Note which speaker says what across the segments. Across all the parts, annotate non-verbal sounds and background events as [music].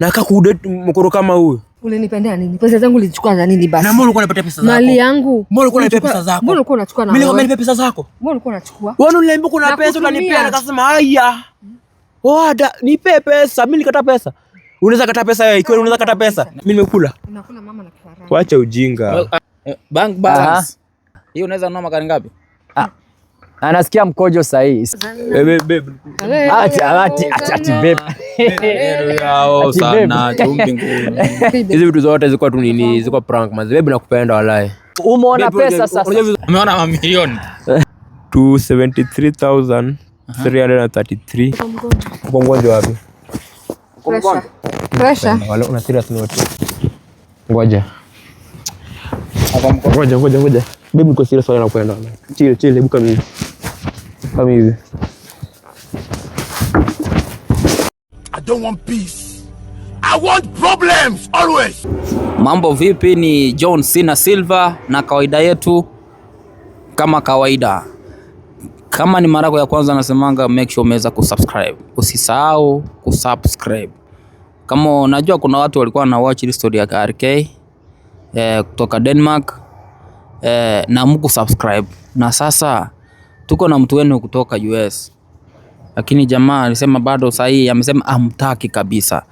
Speaker 1: Naka kuude mkoro kama huyu.
Speaker 2: Ulinipendea nini? Pesa zangu ulichukua za nini basi? Na
Speaker 1: mbona ulikuwa unapata pesa zako?
Speaker 2: Mali yangu.
Speaker 1: Mbona ulikuwa unapata pesa zako?
Speaker 2: Mbona ulikuwa unachukua na
Speaker 1: mimi? Mimi nilikuwa pesa zako.
Speaker 2: Mbona ulikuwa unachukua?
Speaker 1: Wewe unaniambia kuna pesa na kasema haya. Oda, nipe pesa. Mimi nikata pesa. Unaweza kata pesa wewe, ikiwa unaweza kata pesa. Mimi nimekula. Unakula mama na kifaranga. Wacha ujinga. Bank balance. Hii unaweza noma kani ngapi? Ah. Anasikia mkojo sahihi. Hizi vitu zote zilikuwa tu nini, zilikuwa prank nakupenda walai.
Speaker 2: Umeona pesa sasa.
Speaker 1: Umeona mamilioni. 273,333. Uko mgonjwa wapi? Ngoja. Ngoja, ngoja, ngoja. niko serious nakupenda. Chill, chill, kama hivi. I don't want peace. I want problems always. Mambo vipi? Ni John Cena Silva na kawaida yetu kama kawaida. Kama ni mara yako ya kwanza nasemanga make sure umeweza kusubscribe. Usisahau kusubscribe. Kama unajua kuna watu walikuwa na watch story ya RK eh, kutoka Denmark eh, na mku subscribe na sasa tuko na mtu wenu kutoka US, lakini jamaa alisema bado sahihi, amesema amtaki kabisa.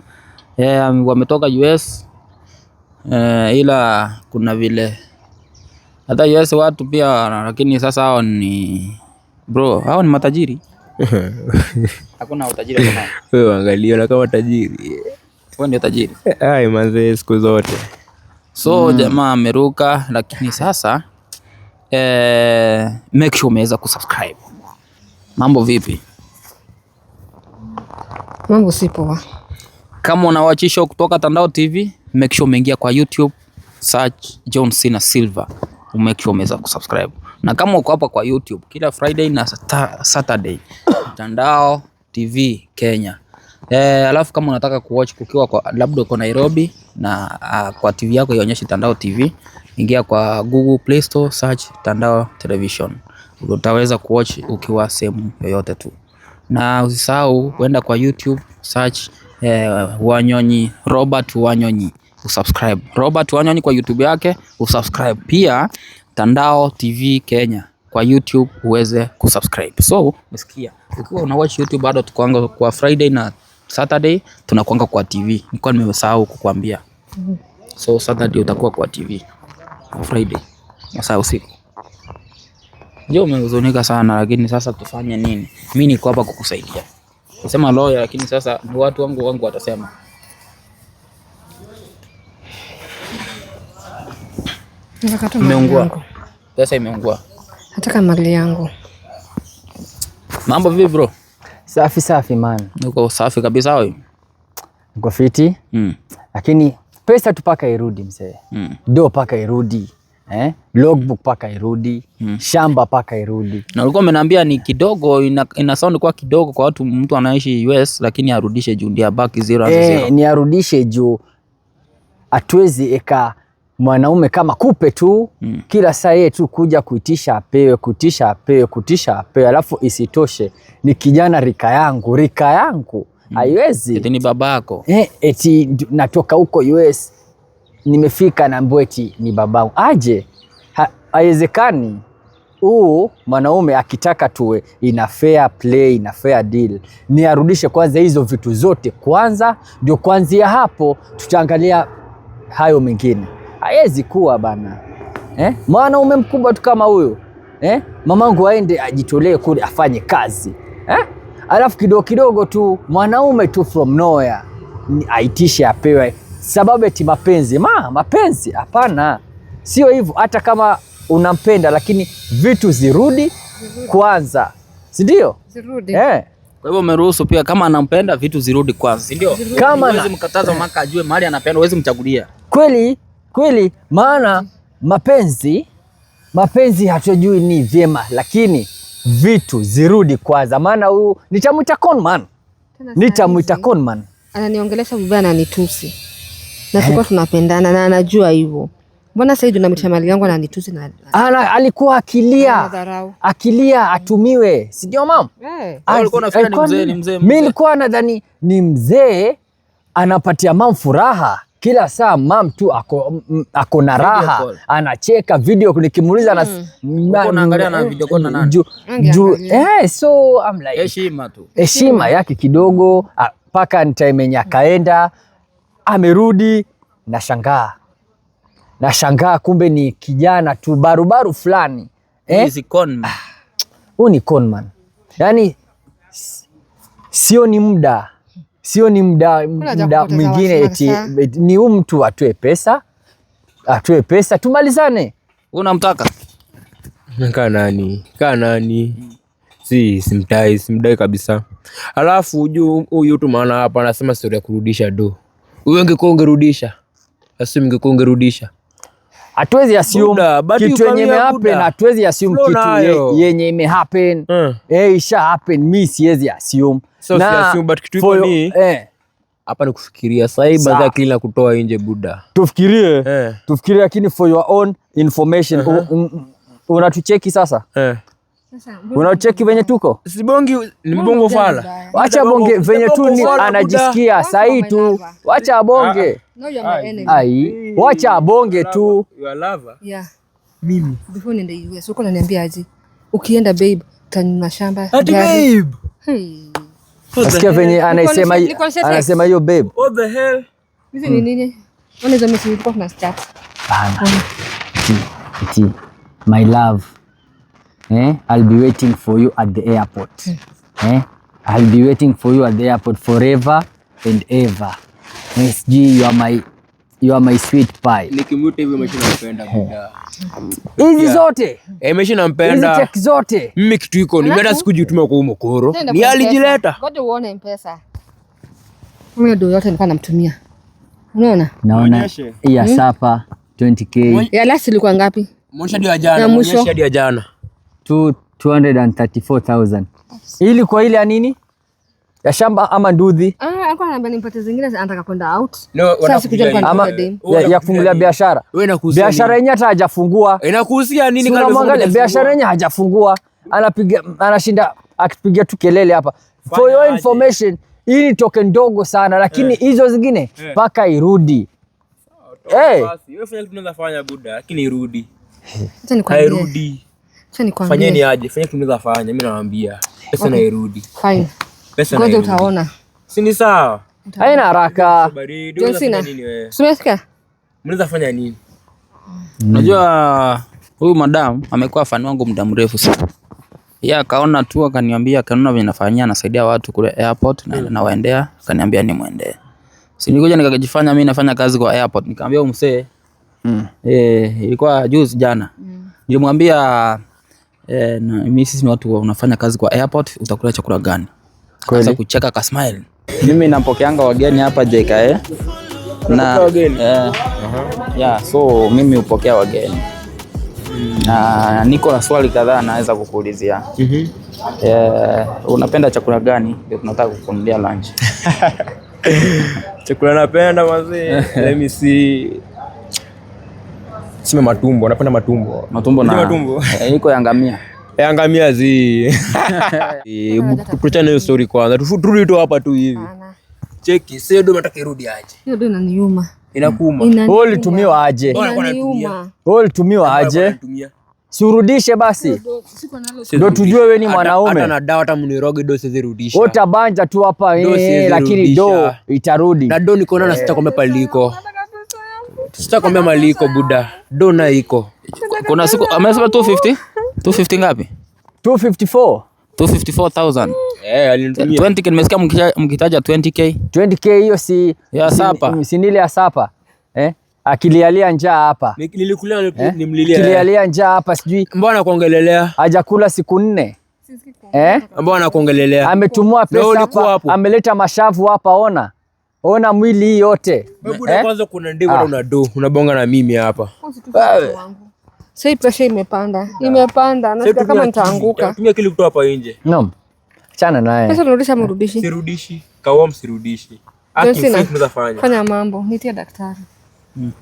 Speaker 1: Yeah, wametoka US Uh, eh, ila kuna vile hata US watu pia, lakini sasa hao ni bro, hao ni matajiri
Speaker 2: [laughs] hakuna utajiri kama
Speaker 1: wewe. Angalia na kama tajiri wewe ndio tajiri. Ai manze, siku zote so mm. Jamaa ameruka, lakini sasa eh, make sure umeweza kusubscribe. Mambo vipi?
Speaker 2: Mambo si poa.
Speaker 1: Kama unawachisha kutoka Tandao TV, make sure umeingia kwa YouTube, search John Cena Silver, make sure umeweza kusubscribe. Na kama uko hapa kwa YouTube, kila Friday na Saturday Tandao TV Kenya. Eh, alafu kama unataka kuwatch kukiwa kwa labda uko Nairobi na uh, kwa TV yako ionyeshe Tandao TV ingia kwa Google Play Store, search Tandao Television, utaweza kuwatch ukiwa sehemu yoyote tu, na usisahau kwenda kwa YouTube search eh, Wanyonyi Robert Wanyonyi usubscribe. Robert Wanyonyi kwa YouTube yake usubscribe, pia Tandao TV Kenya kwa YouTube uweze kusubscribe. So umesikia, ukiwa una watch YouTube bado tukoanga kwa Friday na Saturday tunakuanga kwa TV. Nilikuwa nimesahau kukuambia. So Saturday utakuwa kwa TV. Friday masaa usiku. Ndio umehuzunika sana, lakini sasa tufanye nini? Mimi niko hapa kukusaidia. Nasema lawyer, lakini sasa ni watu wangu wangu watasema imeungua, pesa imeungua.
Speaker 2: Nataka mali yangu.
Speaker 1: Mambo vipi bro?
Speaker 3: Safi safi man.
Speaker 1: Niko safi kabisa wewe. Niko fiti. Mm.
Speaker 3: Lakini pesa tu paka irudi mzee mm. do paka irudi eh? logbook paka irudi
Speaker 1: mm. shamba
Speaker 3: paka irudi.
Speaker 1: Na ulikuwa umeniambia ni kidogo ina, ina sound kwa kidogo kwa watu mtu anaishi US, lakini arudishe juu ndio abaki zero eh, zero.
Speaker 3: Ni arudishe juu atuwezi eka mwanaume kama kupe tu
Speaker 1: mm. kila saa
Speaker 3: yeye tu kuja kuitisha apewe, kutisha apewe, kuitisha apewe, alafu isitoshe ni kijana rika yangu rika yangu Mm. haiwezi. Eti
Speaker 1: ni babako.
Speaker 3: Eh, eti natoka huko US nimefika na mbweti ni babangu. Aje, haiwezekani. Huu mwanaume akitaka tuwe ina fair play, ina fair deal, ni arudishe kwanza hizo vitu zote kwanza, ndio kuanzia hapo tutaangalia hayo mengine. Haiwezi kuwa bana eh? mwanaume mkubwa tu kama huyo eh? Mamangu aende ajitolee kule afanye kazi eh? alafu kidogo kidogo tu mwanaume tu from nowhere aitishe apewe, sababu eti mapenzi ma mapenzi? Hapana, sio hivyo. Hata kama unampenda lakini vitu zirudi, zirudi. Kwanza si ndio?
Speaker 2: Zirudi eh.
Speaker 1: Kwa hivyo umeruhusu pia, kama anampenda vitu zirudi kwanza, si ndio? Kama huwezi mkataza maka ajue mali anapenda, huwezi mchagulia
Speaker 3: kweli kweli, maana mapenzi mapenzi hatujui ni vyema, lakini vitu zirudi kwanza, maana huyu nitamwita conman, nitamwita conman.
Speaker 2: Ananiongelesha vibaya, ananitusi na eh? tulikuwa tunapendana na anajua hivyo. Mbona sasa hivi unamtia mm. mali yangu ananitusi na
Speaker 3: ana, alikuwa akilia akilia atumiwe, si ndio mama?
Speaker 1: Eh.
Speaker 3: nilikuwa nadhani ni mzee anapatia mama furaha kila saa mam tu ako, ako na raha anacheka video, nikimuuliza eh, so heshima yake kidogo, mpaka time akaenda amerudi, nashangaa nashangaa, kumbe ni kijana tu barubaru fulani eh? Huyu ah, ni conman, yani sio ni muda sio ni mda, mda mwingine eti, eti ni huu mtu atoe pesa atoe pesa tumalizane.
Speaker 1: Unamtaka kaa nani kaa nani? Si simtai simdai kabisa. Alafu juu huyu tu maana hapa anasema stori ya kurudisha do, huyo ungekuwa ungerudisha, asi ungekuwa ungerudisha
Speaker 3: hatuwezi assume kitu yenye ime imehappen, hatuwezi assume kitu yenye ime happen eh. eh isha happen. Mimi siwezi assume,
Speaker 1: so si assume but kitu iko ni eh hapa ni kufikiria saiba za kila kutoa nje buda, tufikirie eh, tufikirie, lakini for your own information uh -huh. Unatucheki sasa eh. Unacheki venye tuko sibongi ni mbongo fala, wacha bonge venye tu ni anajisikia sahi tu, wacha ah, ah. bonge ai, wacha bonge tu.
Speaker 2: Mimi before niende US uko unaniambia aje? Ukienda babe, tanyuma shamba
Speaker 1: ati babe. Hey, nasikia venye anasema anasema hiyo babe, what the hell
Speaker 2: hizi ni hmm. nini? Ona hizo mimi nilikuwa na start
Speaker 1: bana, ati hmm. my love eh, I'll be waiting for you at the airport mm. eh, I'll be waiting for you at the airport forever and ever SG, you are my You are my sweet pie. Nikimwita hivi mesha nampenda. Eh. Hizi zote. Eh, mesha nampenda. Hizi check zote. Mimi kitu iko ni hata sikujituma kwa umokoro. Ni alijileta.
Speaker 2: Ngoja uone mpesa. Mimi ndio yote nilikuwa namtumia. Unaona?
Speaker 1: Naona. Ya hmm? sapa 20k.
Speaker 2: Ya last ilikuwa ngapi?
Speaker 1: Mwisho ndio jana. Mwisho ndio jana. 234,000. Ili kwa ile ya nini? Ya shamba ama nduthi? Ah, ya kufungulia biashara. Biashara yenyewe hata hajafungua. Inakuhusia nini kama unamwangalia? Biashara yenyewe hajafungua. Anapiga anashinda akipiga tu kelele hapa. For your information, hii ni token ndogo sana lakini eh. hizo eh, zingine mpaka eh, irudi. Eh. Wewe fanya tunaweza fanya buda lakini irudi. Hairudi. Fanyeni aje, fanyeni fanya, mimi pesa okay. Nairudi
Speaker 2: fine, pesa ngoja utaona,
Speaker 1: si ni sawa? Haina haraka, mnaweza fanya nini? Unajua huyu madamu amekuwa fani wangu muda mrefu sana, yeye akaona tu akaniambia, akaona venye nafanyia, anasaidia watu kule airport na hmm. nawaendea, akaniambia nimwendee. Si nikuja nikajifanya mimi nafanya kazi kwa airport, nikamwambia umsee. msee mm. Eh, ilikuwa juzi jana mm. nilimwambia eh, na mimi sisi ni watu unafanya kazi kwa airport, utakula chakula gani? Kaanza kucheka ka smile. Mimi napokeanga wageni hapa JKA eh? na eh, uh -huh. yeah, so mimi upokea wageni na niko na swali kadhaa naweza kukuulizia. mm -hmm. Eh, unapenda chakula gani? Ndio tunataka kukunulia lunch. [laughs] Chakula napenda mzee. [laughs] Let me see tuseme matumbo, napenda matumbo. Matumbo na matumbo [laughs] eh, iko yangamia yangamia zi [laughs] eh, Tukutane hiyo story kwanza, turudi tu hapa tu hivi. Cheki sio ndio, nataka irudi aje
Speaker 2: hiyo, ndio inaniuma
Speaker 1: Inakuuma. Wewe ulitumiwa aje?
Speaker 2: Wewe
Speaker 1: ulitumiwa aje? Surudishe basi, ndio tujue wewe ni mwanaume. Hata na dawa hata mniroge do zirudisha. Wewe utabanja tu hapa, eh, lakini do itarudi. Na do niko na sitakomea paliko Sitakwambia mali iko buda. Dona iko. Kuna siku amesema 250? 250 ngapi? 254. Eh, nimesikia mkitaja 20k. 20k hiyo si ya sapa. Si nile ya sapa. Eh? Akilialia njaa hapa. Nilikulia eh, nimlilia. Akilialia njaa hapa sijui. Mbona kuongelelea? Hajakula siku nne. Eh? eh? Mbona kuongelelea? Ametumua pesa hapa. Ameleta mashavu hapa ona. Ona mwili hii yote. Eh? Kwanza kuna ndio ah. na do, unabonga na mimi hapa.
Speaker 2: Sasa pressure imepanda. Ah. Imepanda na sasa kama nitaanguka. Tumia
Speaker 1: kile kutoa hapa nje. Naam. Achana naye. Sasa
Speaker 2: tunarudisha mrudishi.
Speaker 1: Sirudishi. Kawa msirudishi. Aki tunaweza fanya.
Speaker 2: Fanya mambo, nitie daktari. Mm.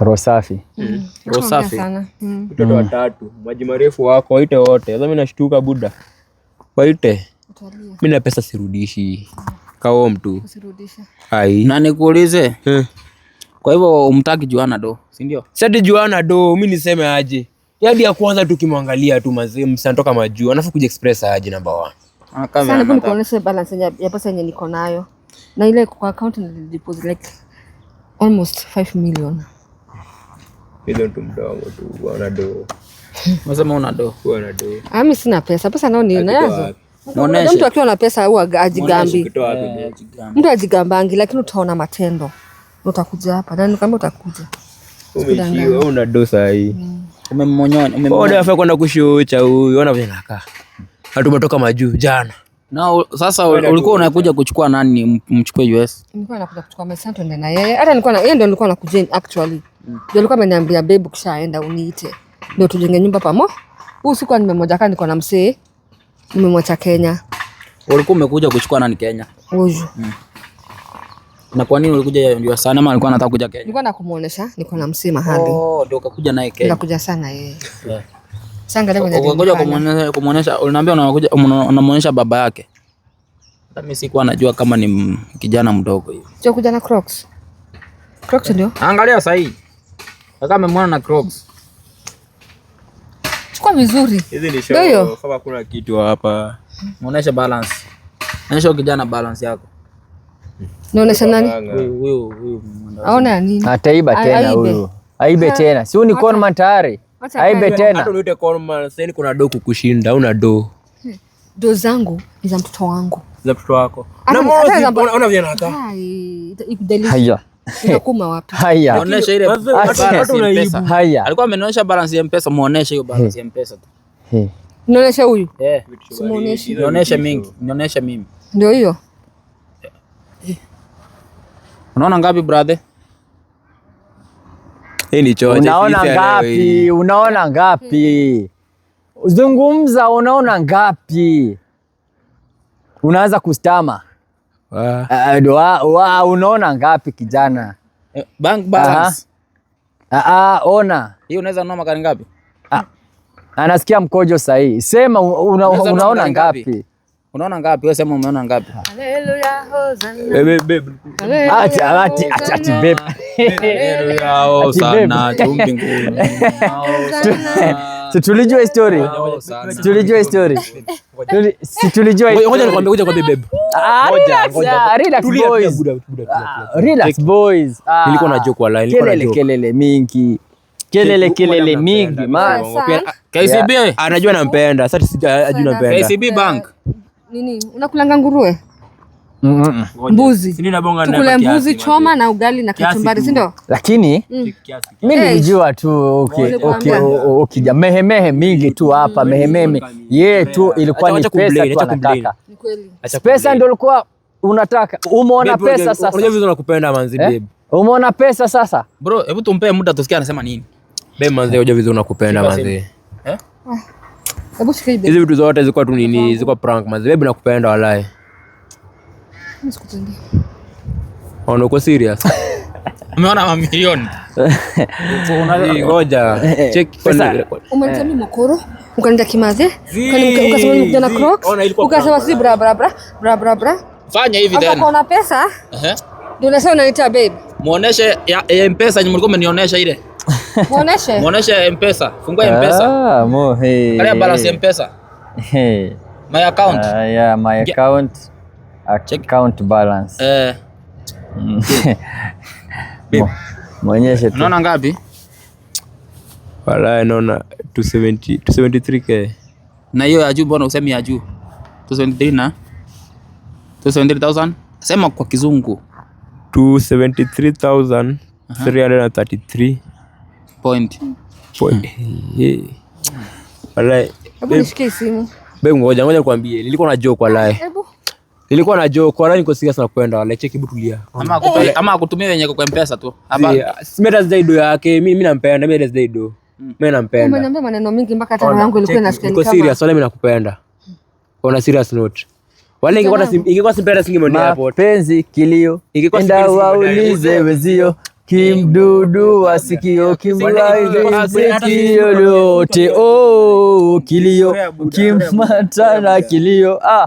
Speaker 1: Roho safi. Mm. Roho safi. Hmm. Watoto hmm. watatu, maji marefu wako, waite wote. Sasa mimi nashtuka buda. Waite. Mimi na pesa sirudishi. Mm kao mtu ai na nikuulize eh. Kwa hivyo umtaki Juana do, si ndio? Sasa Juana do, mimi niseme aje? Hadi yaani ya kwanza tukimwangalia tu mzee msantoka majuu, anafu kuja express aje namba 1.
Speaker 2: Ah, kama sana nikuoneshe balance ya ya pesa yenye niko nayo. Na ile kwa account ni deposit like almost 5 million.
Speaker 1: Milioni tu mdogo tu, wana do. Unasema una do. Wana do.
Speaker 2: Ah, mimi sina pesa, pesa nao ninazo. Mtu akiwa na pesa au eh, ajigambi, mtu ajigambangi, lakini utaona matendo. Utakuja hapa na nikamwambia
Speaker 1: utakuja una dosa hii mm. afa kwenda kushucha huyu, ona vile anakaa, hatumetoka majuu jana. Na sasa ulikuwa unakuja kuchukua nani, mchukue US?
Speaker 2: Nilikuwa nakuja kuchukua Misanto, ndio na yeye hata nilikuwa na yeye ndio nilikuwa nakuja actually, mm. ndio alikuwa ameniambia babe, kishaenda uniite ndio tujenge nyumba pamoja. Huu siku nimemoja kani niko na msee umemwacha Kenya.
Speaker 1: Ulikuwa umekuja kuchukua nani Kenya?
Speaker 2: Huyu. Mm.
Speaker 1: Na kwa nini ulikuja ndio sana ama alikuwa anataka kuja Kenya? Nilikuwa
Speaker 2: nakumuonesha, niko na msima hadi.
Speaker 1: Oh, ndio ukakuja naye Kenya.
Speaker 2: Nikakuja sana yeye. Yeah. Sasa angalia kwenye.
Speaker 1: Ngoja kumuonesha kumuonesha, uliniambia unakuja unamuonesha baba yake. Hata mimi sikuwa najua kama ni kijana mdogo hivi.
Speaker 2: Sio kuja na Crocs. Crocs ndio?
Speaker 1: Angalia sasa hii. Kaka amemwona na Crocs. Chukua mizuri. Hizi ni show. Ndio. Kama kuna kitu hapa. Muonesha balance. Muonesha kijana balance yako.
Speaker 2: Naonesha nani? Huyu huyu. Aona nini?
Speaker 1: Ataiba tena huyu. Aibe tena. Si ni Korman tayari. Aibe tena. Hata unaita Korman, sasa kuna do kukushinda, una do.
Speaker 2: Do zangu ni za mtoto wangu.
Speaker 1: Za mtoto wako. Na mbona unaona vile anakaa? Haya. Haya. ile Haya. Alikuwa amenionyesha balance ya Mpesa, muoneshe hiyo balance ya Mpesa tu. Eh.
Speaker 2: Nionyesha huyu?
Speaker 1: Eh. Simuoneshi. mingi, mimi.
Speaker 2: Ndio hiyo. Eh.
Speaker 1: Unaona ngapi brother? Hii ni Unaona ngapi? Unaona ngapi? Zungumza, unaona ngapi? Unaanza kustama. Uh, unaona ngapi kijana? Eh, bank balance. Uh, ona Hii unaweza kununua magari ngapi? Uh, anasikia mkojo sahii sema una, unaona ngapi? Unaona ngapi? Wewe sema umeona ngapi?
Speaker 2: Haleluya
Speaker 1: Bebe bebe. Acha bebe. Haleluya Si tulijua story. Ah, si tulijua story. Si tulijua. Ngoja nikwambie, ngoja nikwambie babe. Relax boys. Relax boys. Nilikuwa na ah, joke wala nilikuwa na joke. Kelele mingi. Kelele kelele mingi. KCB anajua ah, nampenda. Sasa sijui nampenda. KCB bank. Eh,
Speaker 2: nini? Unakulanga nguruwe? Mbuzi. Tukule mbuzi choma na ugali na kachumbari, si ndio?
Speaker 1: Lakini mi mm. mimi nilijua tu ukija okay, okay, mehemehe mingi tu mm. hapa mm. mehemehe ye tu ilikuwa ni pesa tu anataka. Pesa ndio ulikuwa unataka. Umeona pesa sasa. Unajua vitu nakupenda manzi eh? babe. Umeona pesa sasa. Bro, hebu tumpe muda tusikie anasema nini. Babe manzi, unajua vitu nakupenda manzi. Eh? Ah,
Speaker 2: hebu sikia hizi
Speaker 1: vitu zote zilikuwa tu nini? Zilikuwa prank manzi. Babe nakupenda walai. Unakuwa serious? [laughs] Umeona mamilioni. Ngoja. Eh, check. pesa.
Speaker 2: Umeanza eh. mimi mkoro, ukaenda kimaze, ukasema mimi kijana Crocs, ukasema si bra bra bra bra bra bra.
Speaker 1: Fanya hivi then.
Speaker 2: Kama pesa, eh? Ndio unasema unaita babe.
Speaker 1: Muoneshe ya M-Pesa nyinyi mlikuwa mmenionyesha ile. Muoneshe. Muoneshe ya M-Pesa. Fungua ah, M-Pesa. Ah, mo hey. Kale balance ya M-Pesa. Hey. My account. Uh, yeah, my account. Yeah. Account balance. Eh. [laughs] Mwonyeshe tu. Unaona ngapi? Walai naona 270 273k. Na hiyo ya juu mbona usemi ya juu? 273 na 273,000. Sema kwa kizungu. 273,333. Point. Point. Hmm. Walai.
Speaker 2: Hebu nishike simu.
Speaker 1: Ngoja ngoja nikwambie, nilikuwa na joke walai. Hebu. Nilikuwa na jo kwa rani niko serious na kwenda wale cheki butulia. Ama akutumie ama akutumie wenye kwa Mpesa tu. Hapa simeta ah, zaidi do yake, mimi nampenda, mimi zaidi do. Mimi mm. nampenda. Umeniambia
Speaker 2: maneno mingi mpaka hata roho yangu ilikuwa inasikia kama. Niko
Speaker 1: serious, wala mimi nakupenda. On a serious note. Wale ingekuwa ingekuwa simpenda singemonea hapo. Mapenzi kilio. Ingekuwa simpenda waulize wezio. Kimdudu wa sikio kimwasikio lote, oh kilio kimmatana kilio ah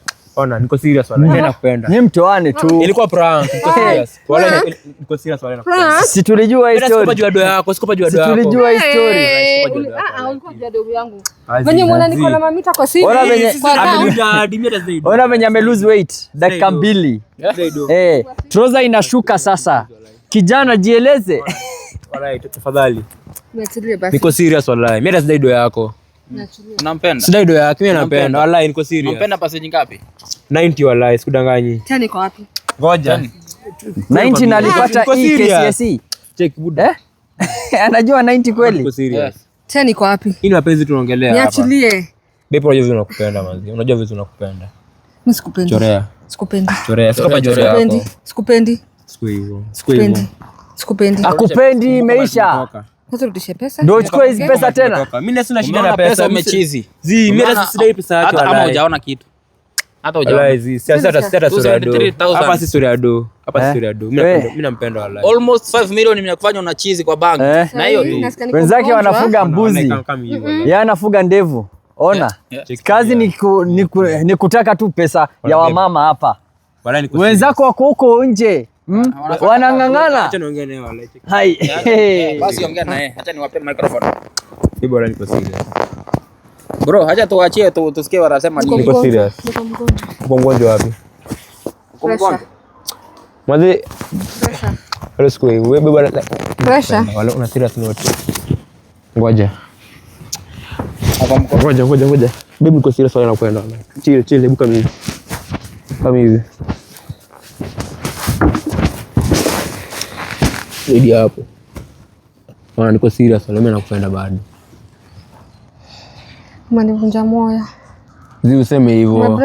Speaker 1: Ona, niko serious wala Nakupenda. mtoane tu. Ilikuwa prank. Niko serious. Wala niko serious wala nakupenda. Si tulijua hii story. Sikupa yako, sikupa yako. Si tulijua hii story. Ah,
Speaker 2: ah yangu. Mwenye mwana niko na mamita kwa Ona
Speaker 1: venye amejadimia zaidi. Ona weight dakika mbili. Eh, eh inashuka sasa. Kijana jieleze. Alright, tafadhali. Niko serious Mimi yako. Nampenda. Sidai do yake mimi nampenda. Wallahi niko serious. Nampenda passage ngapi? 90 wallahi sikudanganyi. Tani kwa wapi? Ngoja. 90 na alipata hii KCSE. Check buda. Eh? [laughs] Anajua 90 kweli? Niko serious.
Speaker 2: Eh. Tani kwa wapi? Hii
Speaker 1: ni mapenzi tunaongelea hapa.
Speaker 2: Niachilie.
Speaker 1: Bepo unajua vizuri nakupenda manzi. Unajua vizuri nakupenda. Mimi sikupendi. Chorea. Sikupendi. Chorea. Sikupa chorea. Sikupendi.
Speaker 2: Sikupendi. Sikupendi. Sikupendi.
Speaker 1: Akupendi imeisha.
Speaker 2: Sasa urudishe pesa. Ndio
Speaker 1: hizi pesa tena. Mimi na sina shida na pesa, umechizi. Zi, mimi na pesa yako. Hata kama hujaona kitu. Hata hujaona. sura do. Hapa si sura do. Hapa si sura do. Mimi nampenda wallahi. Almost 5 million una chizi kwa bank. Na hiyo tu. Wenzake wanafuga mbuzi. Yeye anafuga ndevu. Ona. Kazi ni kutaka tu pesa ya wamama hapa. Wenzako wako huko nje. Hmm? Ah, wanang'ang'ana. Yaani, [laughs] Basi ongea naye, acha niwape microphone. Ni bora niko serious. Bro, acha tuachie tu tusikie wanasema nini. Niko serious. Uko mgonjwa wapi? Uko mgonjwa. Mwazi. Pressure. Pressure. Wewe bwana.
Speaker 2: Pressure. Wala
Speaker 1: una serious wote. Ngoja. Ngoja, ngoja, ngoja. Bibi, niko serious sana nakwenda. Chill, chill, hebu kama hivi. Kama hivi. zaidi hapo. Maana niko serious, mimi nakupenda bado.
Speaker 2: Umenivunja moyo.
Speaker 1: Zi useme hivyo.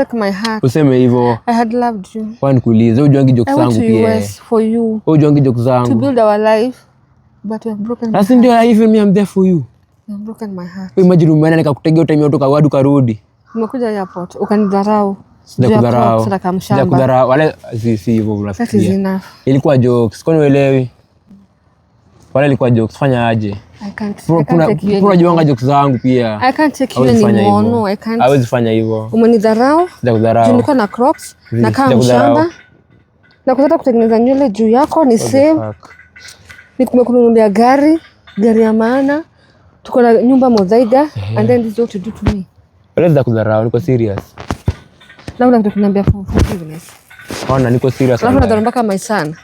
Speaker 1: Useme hivyo. I
Speaker 2: had loved you. Kwa
Speaker 1: nikuulize, ujuangi joke zangu pia.
Speaker 2: For you.
Speaker 1: Ujuangi joke zangu. To build
Speaker 2: our life. But you have broken my heart. Ndio
Speaker 1: mimi there for you.
Speaker 2: broken my heart.
Speaker 1: imagine nikakutegea time yote kwa wadu karudi.
Speaker 2: Umekuja airport, ukanidharau. Sijakudharau. Sijakudharau. hivyo unafikiria.
Speaker 1: Ilikuwa jokes. Kwani uelewi? pale ilikuwa joke, fanya aje? Unajuanga joke zangu pia, hawezi fanya hivyo.
Speaker 2: Umenidharau,
Speaker 1: nilikuwa
Speaker 2: na crocs na kama mshamba na kutaka kutengeneza nywele juu yako, ni same nikumekununulia gari, gari ya maana, tuko na nyumba Mozaiga, and then this is what you do to me.
Speaker 1: Eleza kudharau, niko serious.
Speaker 2: Na unataka kuniambia for forgiveness?
Speaker 1: Ona, niko serious. Alafu
Speaker 2: unadharau mpaka my son.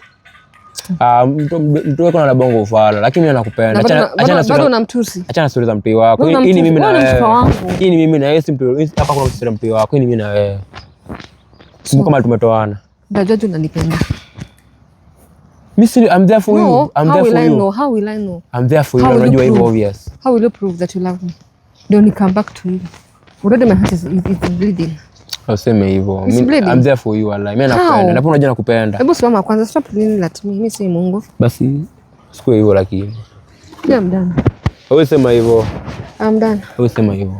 Speaker 1: Ah, mtu wako na bongo ufala, lakini mimi nakupenda.
Speaker 2: Achana na mtusi,
Speaker 1: achana stori za mtu wako. Hii ni mimi na wewe, hii ni mimi na wewe, si mtu hapa. Kuna stori mtu wako, hii ni mimi na wewe, sio kama tumetoana.
Speaker 2: Najua tu unanipenda
Speaker 1: mimi, si I'm there for you, I'm
Speaker 2: there for you. How will I know?
Speaker 1: I'm there for you. Unajua hivyo obvious.
Speaker 2: How will you prove that you love me? Don't come back to me. Already my heart is bleeding.
Speaker 1: Useme hivyo. I'm there for you wallahi. Mimi nakupenda. Napo unajua nakupenda. Hebu
Speaker 2: simama kwanza, stop lini la tumi. Mimi si Mungu.
Speaker 1: Basi sikuwe hivyo lakini. Yeah, I'm done. Wewe sema hivyo.
Speaker 2: I'm done. Wewe sema hivyo.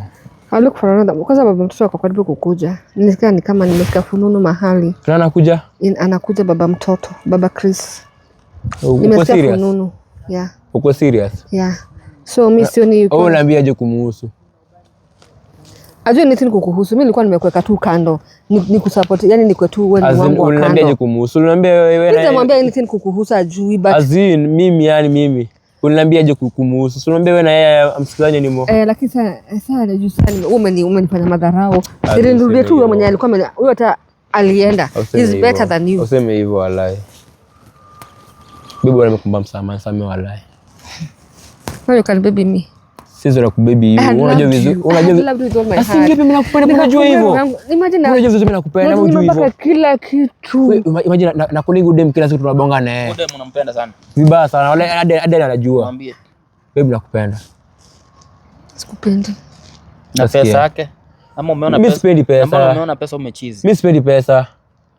Speaker 2: I look for another. Kwanza baba mtoto wako karibu kukuja. Nisikia ni kama nimefika fununu mahali. Na anakuja? Anakuja baba mtoto, baba Chris.
Speaker 1: Uko serious? Fununu.
Speaker 2: Yeah. Uko
Speaker 1: serious? Yeah.
Speaker 2: So mimi sioni yuko. Oh,
Speaker 1: naambia kumuhusu
Speaker 2: ajue nini kukuhusu. Mimi nilikuwa nimekuweka tu kando, nikusupport, yani nikwe tu wewe ni wangu kando. Unaniambiaje
Speaker 1: kumuhusu? Unaniambia wewe wewe.
Speaker 2: Nitamwambia nini kukuhusu ajui, but
Speaker 1: azin mimi, yani mimi unaniambiaje kumuhusu? Si unaniambia wewe na yeye ni nimo. Eh,
Speaker 2: lakini sasa sasa najua sana wewe fanya madharau. Siri nirudie tu wewe mwenyewe alikuwa huyo hata alienda. He's better than you.
Speaker 1: Useme hivyo walai. Bibi, nimekuomba msamaha, samee walai.
Speaker 2: Wewe kan baby mimi.
Speaker 1: Siwezi na kubebi hiyo.
Speaker 2: Unajua vizuri. Unajua vizuri. Asingie mimi
Speaker 1: nakupenda unajua hivyo. Imagine. Unajua vizuri mimi nakupenda unajua hivyo. Kila
Speaker 2: kitu.
Speaker 1: Imagine na kuni good dem kila siku tunabonga naye, yeye. dem unampenda sana. Vibaya sana. Wale hadi hadi anajua. Mwambie. Babe nakupenda.
Speaker 2: Sikupendi.
Speaker 1: Na pesa yake. Ama umeona pesa? Mimi sipendi pesa. Ama umeona pesa umechizi. Mimi sipendi pesa.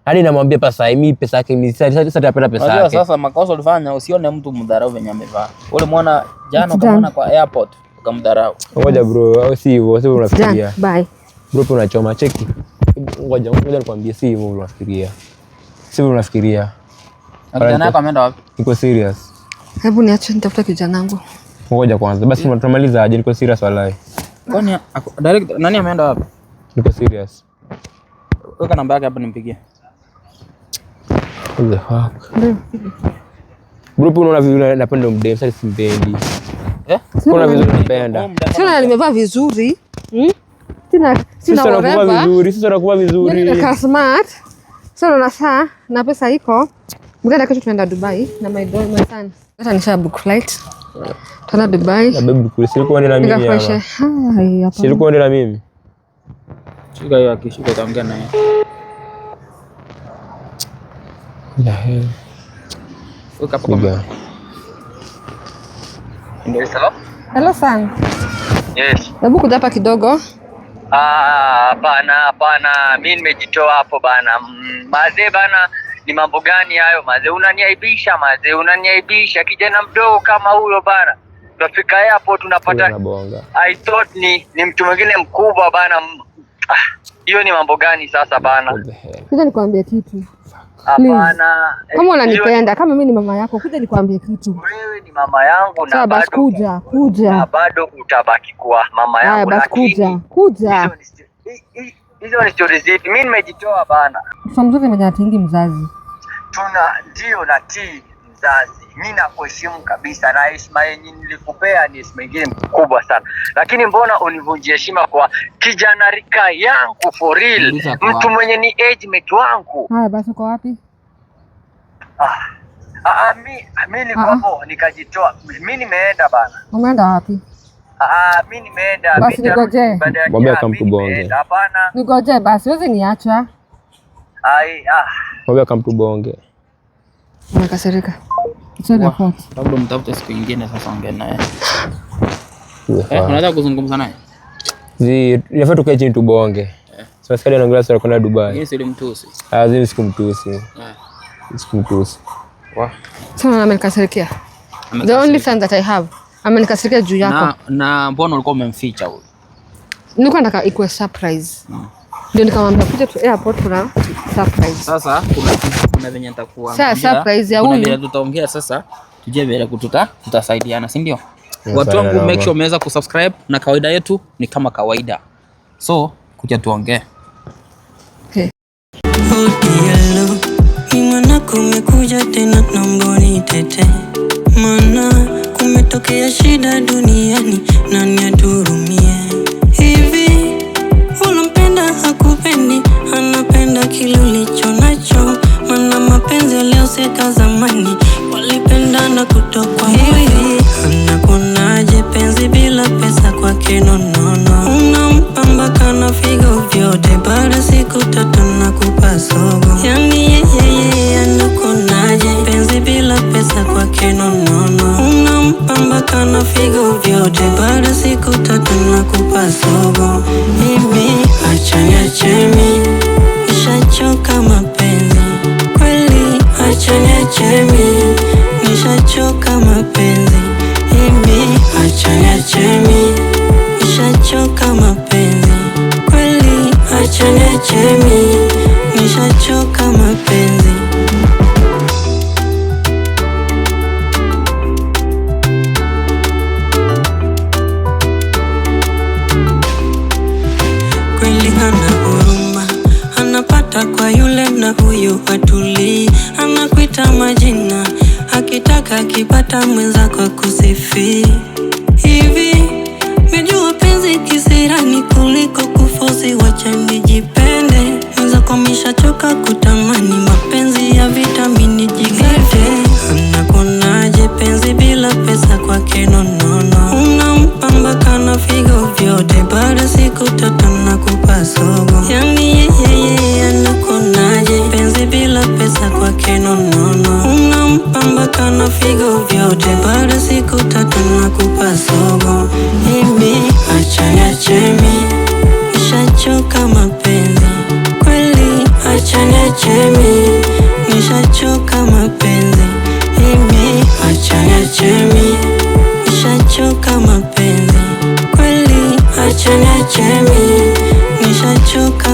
Speaker 1: Hadi namwambia pesa hii mimi pesa yake mimi sasa sasa napenda pesa yake. sasa makosa ulifanya usione mtu mdharau venye amevaa. Ule mwana jana kamaona kwa airport ukamdharau. Ngoja bro, au si hivyo, si unafikiria. Bye. Bro, unachoma cheki. Ngoja ngoja nikwambie, si hivyo unafikiria. Si hivyo unafikiria. Kijana wako ameenda wapi? Niko serious.
Speaker 2: Hebu niache nitafuta kijana wangu.
Speaker 1: Ngoja kwanza. Basi tunamaliza aje, niko serious wallahi. Kwani direct nani ameenda wapi? Niko serious. Weka namba yake hapa nimpigie. What the fuck? Bro, unaona vile napenda mdem, sasa simpendi. Eh? Kuna vizuri napenda.
Speaker 2: Sina nimevaa vizuri. Hmm? Sina sina whatever. Vizuri,
Speaker 1: sisi tunakuwa vizuri. Nika
Speaker 2: yaani smart. Sasa saa na pesa iko. Mgada kesho tunaenda Dubai na my dog my son. Hata nisha book flight. Tuna Dubai. Na
Speaker 1: baby kule silikuwa ndio na mimi. Hai, hapa. Silikuwa ndio mimi. Shika hiyo akishuka kaongea naye. La heri. Ukapoka. Hello san. Yes. Hebu
Speaker 2: kuja hapa kidogo.
Speaker 1: Ah, ah, hapana hapana, mimi nimejitoa hapo bana. Mazee bana, ni mambo gani hayo mazee? Unaniaibisha mazee, unaniaibisha kijana mdogo kama huyo bana. Tunafika hapo tunapata I thought ni, ni mtu mwingine mkubwa bana. Ah, hiyo ah, ni mambo gani sasa bana?
Speaker 2: Ngoja nikwambie kitu kama unanipenda kama mimi ni mama yako, kuja nikwambie kitu. Wewe
Speaker 1: ni mama yangu na
Speaker 2: basi, kuja kuja,
Speaker 1: bado utabaki kuwa mama yangu. Basi
Speaker 2: kuja kuja,
Speaker 1: hizo ni stori zipi? Mimi nimejitoa bana. Mtoto
Speaker 2: mzazi mwenye mzazi,
Speaker 1: tuna ndio ti mzazi mi nakuheshimu kabisa, na heshima yenye nilikupea ni heshima ingine kubwa sana, lakini mbona univunji heshima kwa kijana rika yangu for real, mtu mwenye ni age wangu?
Speaker 2: Haya basi, uko wapi?
Speaker 1: Ah, ah, ah mi ah, mi nilikuwa ah, nikajitoa, mi nimeenda bana.
Speaker 2: Umeenda wapi?
Speaker 1: Ah, mi nimeenda. Basi nigoje, mwambie
Speaker 2: Hapana, basi, wewe niacha.
Speaker 1: Ai, ah, mwambie kamtubonge.
Speaker 2: Nakasirika.
Speaker 1: Labda mtafute siku nyingine sasa, ongea naye. Eh, Unaweza kuzungumza naye? Nafaa tukae chini tubonge. Eh. Sasa anaongelea sana kwenda Dubai. Mimi silimtusi. Ah, mimi sikumtusi. Eh. Sikumtusi.
Speaker 2: Sana amenikasirikia. The only thing that I have. Amenikasirikia juu yako.
Speaker 1: Na mbona ulikuwa umemficha huyo?
Speaker 2: Nilikuwa nataka ikuwe surprise. Mm. Ndio nikamwambia kuja tu airport kuna surprise.
Speaker 1: Sasa kuna kuna venye nitakuwa. Sasa
Speaker 2: surprise ya huyu. Kuna vile
Speaker 1: tutaongea sasa tujue vile kututa tutasaidiana, si ndio? Yes, watu wangu make sure umeweza kusubscribe na kawaida yetu ni kama kawaida. So kuja tuongee.
Speaker 2: Kumekuja tena naomba unitetee, maana kumetokea shida duniani nani nishachoka mapenzi. Kweli hana huruma, anapata kwa yule na huyu atulii, anakwita majina akitaka akipata mwenza kwa kusifi hivi, mejua penzi kisirani kuliko Nishachoka kutamani mapenzi ya vitamini jigate. Anakonaje penzi bila pesa kwake nonono? Unampa mpaka na figo vyote, baada siku tatu nakupa sogo. Yani yeye anakonaje penzi bila pesa kwake nonono? Unampa mpaka na figo vyote, baada siku Jeremy, nishachoka